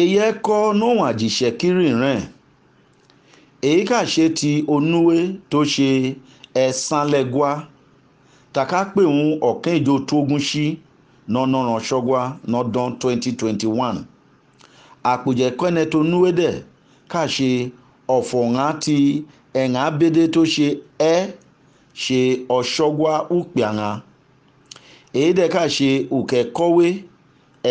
èyẹ kọ́ nóhùn àjìṣẹ́ kírì rẹ̀ èyí kà ṣe ti onúwé tó ṣe ẹ̀sánlẹ́gbá tàkà pé òun ọ̀kẹ́ ìjọ tógún sí nọ́nọ́ràn ṣọ́gbá nọ́dán twenty twenty one àpòjẹ́ kẹ́nẹ́ tó núwé dẹ̀ kà ṣe ọ̀fọ̀ǹhà ti ẹ̀ǹhà bédé tó ṣe ẹ́ ṣe ọ̀ṣọ́gbá ùpìàǹhà èyí dẹ̀ kà ṣe òkè kọ́wé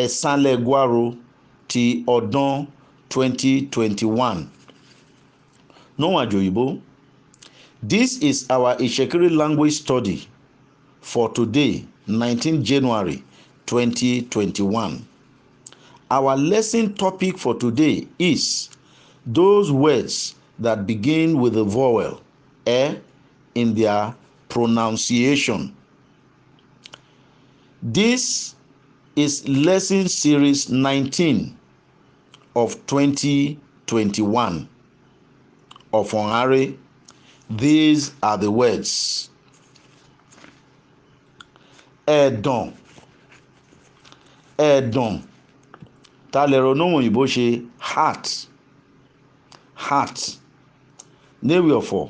ẹ̀sánlẹ́gbá ro. E ti ọdún 2021. Níwọ̀n àjòyìnbó This is our Ìṣekiri language study for today 19 January 2021. Our lesson topic for today is those words that begin with a vowel e in their pronunciation. This is lesson series 19 of 2021 of Onhari, these are the words. Ẹ̀dàn ẹ̀dàn ta lè ronú òyìnbó ṣe heart heart léwì ọ̀fọ̀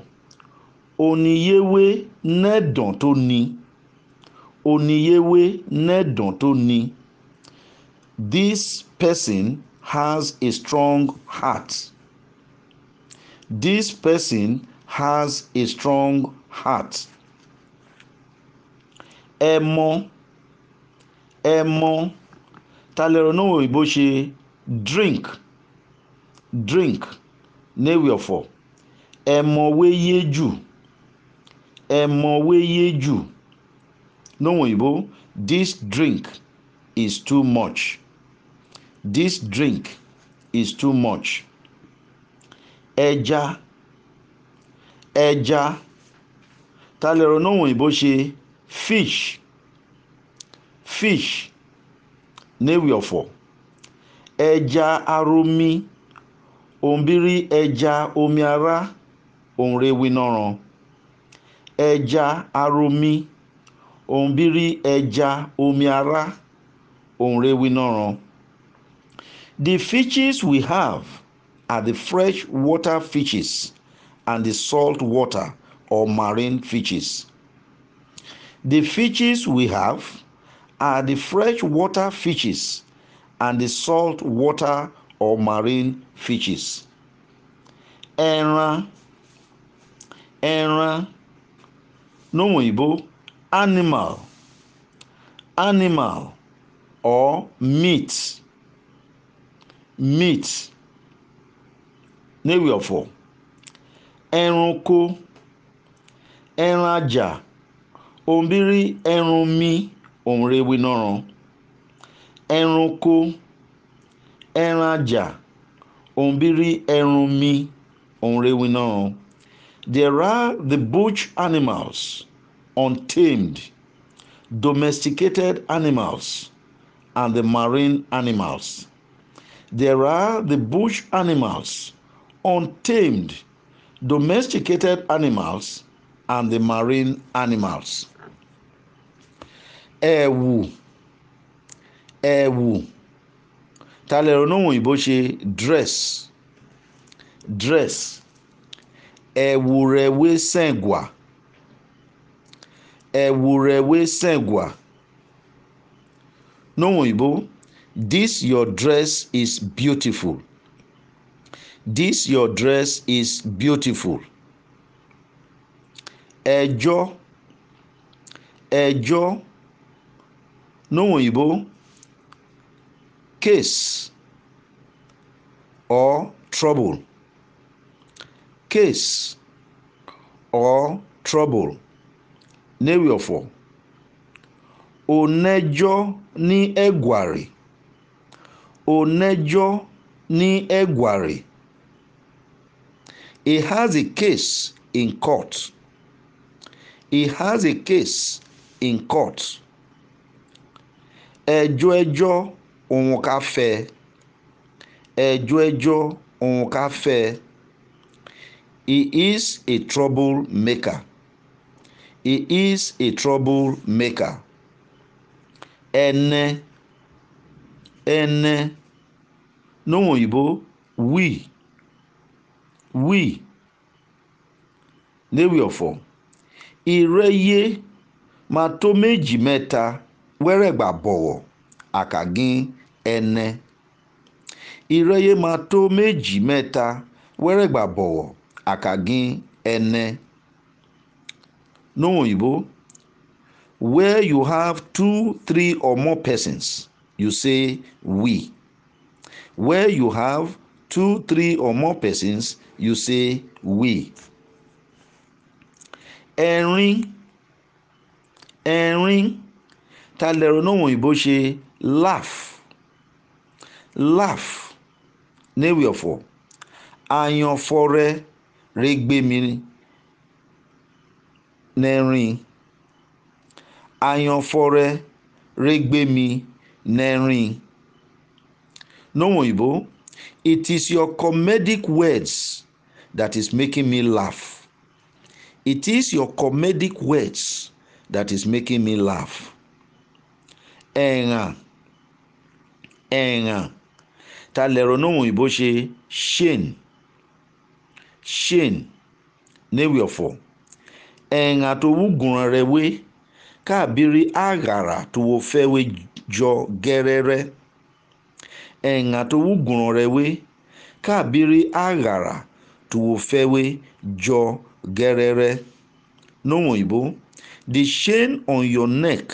oníyéwé nẹ́ẹ̀dàn tó ní oníyéwé nẹ́ẹ̀dàn tó ni. this person has a strong heart. This person has a strong heart. Ẹ mọ ẹ mọ ta lẹ́rọ náà òyìnbó ṣe drink drink níwèé ọ̀fọ̀ ẹ mọ wéyé jù ẹ mọ wéyé jù náà òyìnbó this drink is too much. This drink is too much. Ẹja ẹja ta lè ronú òun òyìnbó ṣe fish fish néwì ọ̀fọ̀ ẹja aromi òǹbírí ẹja omi ara òǹre winaran ẹja aromi òǹbírí ẹja omi ara òǹre winaran. The fishes we have are the freshwater fishes and the salt water or marine fishes. The fishes we have are the freshwater fishes and the salt water or marine fishes. Ẹran no n'óhùn ìbò animal animal or meat. meat n'ewì ọ̀fọ̀ ẹranko ẹran ajá òǹbírí ẹran mi òǹrewì nọ́ran ẹranko ẹran ajá òǹbírí ẹran mi òǹrewì nọ́ran there are the bush animals untamed domesticated animals and the marine animals. There are the bush animals, untamed, domesticated animals, and the marine animals. Ẹ̀wù ẹ̀wù talẹ̀ onóhùn òyìnbó ṣe dress dress ẹ̀wù rẹ̀wé sẹ̀ngwà ẹ̀wù rẹ̀wé sẹ̀ngwà nóhùn òyìnbó this your dress is beautiful this your dress is beautiful ẹjọ́ ẹjọ́ lóhùn òyìnbó case or trouble case or trouble léwu ọ̀fọ̀ onẹjọ́ ní ẹ̀gwàrì. E Onejo ní Egwari. He has a case in court. He has a case in court. Ẹjọ́ ẹjọ́ òun ká fẹ́. Ẹjọ́ ẹjọ́ òun ká fẹ́. He is a troublemaker. He is a troublemaker. Ẹnẹ́. ene n'ụmụ oyibo we we léwì ọ̀fọ̀ ìrẹ́yé máa tó méjì mẹ́ta wẹ́rẹ̀gbà bọ̀wọ̀ àkàgín ẹnẹ ìrẹ́yé máa tó méjì mẹ́ta wẹ́rẹ̀gbà bọ̀wọ̀ àkàgín ene n'ụmụ oyibo where you have two three or more persons you say we. Where you have two, three, or more persons, you say we. Ẹ̀rín ẹ̀rín ta lẹ̀rọ náà òyìnbó ṣe laugh laugh níwì ọ̀fọ̀ àyànfọ́ rẹ rẹ gbé mi nẹ́rìn àyànfọ́ rẹ rẹ gbé mi Nehrin. Nohun Ibo, it is your comedic words that is making me laugh. It is your comedic words that is making me laugh. Ẹ̀ràn ẹ̀ràn ta lẹ̀rọ Nohun Ibo ṣe shane shane níwèé ọ̀fọ̀ ẹ̀ràn tó wúgùn rẹ̀ wé káàbírí àgàrà tó wọ fẹ́ wé jù jọ gẹrẹrẹ engato wugurorewe ka biri aghara tuwofewe jọ gẹrẹrẹ n'ụmụ igbo the chain on your neck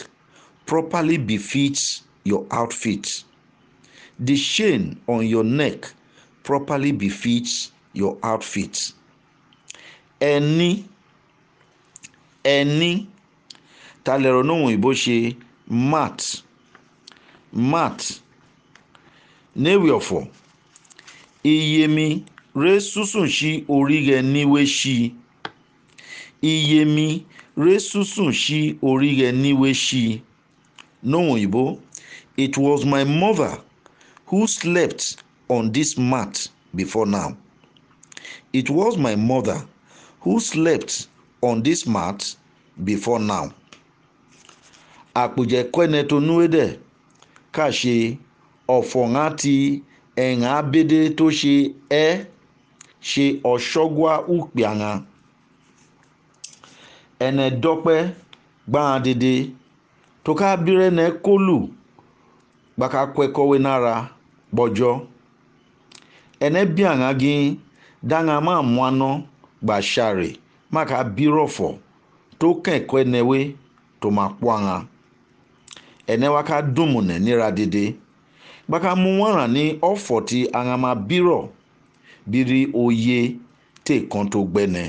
properly befits your outfit the chain on your neck properly befits your outfit ẹni ẹni ta lẹ̀rọ n'ụmụ igbo ṣe mat mat n'ewiofor iyemi resusunshi orige niweshi iyemi resusunshi orige niweshi n'ohun oyinbo it was my mother who slept on this mat before now it was my mother who slept on this mat before now àpèjẹ kọ́ni tó núwé dẹ̀ kashe ọfọng'ati eng'abede toshe e she oshogwa ukpiana ene dọkpe gbadede tokabire ne kolu gbakakwekọwe nara gbọjọ ene biana gị danga ma mụanọ gbashare maka birọfọ tó kẹ̀kọ́ ẹnẹwé tó máa pọ́ àwọn ene waka dumune nira dede gbaka mu wọnran ní ọ̀fọ̀ tí arama bírọ̀ bírí oyè tè kan tó gbẹnẹ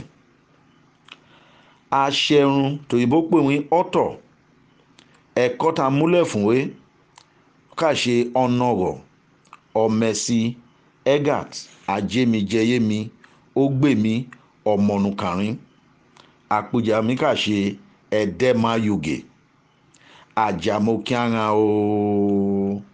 aṣẹrun tòyìnbó pè wí ọ̀tọ̀ ẹ̀kọ́ ta múlẹ̀ fún wé kàṣe ọ̀nàrọ̀ ọ̀mẹ̀sì egat ajémijẹyémi ógbèmí ọ̀mọ̀nùkàrín àpèjàmí kàṣe ẹ̀dẹ́mayògè. E o oh.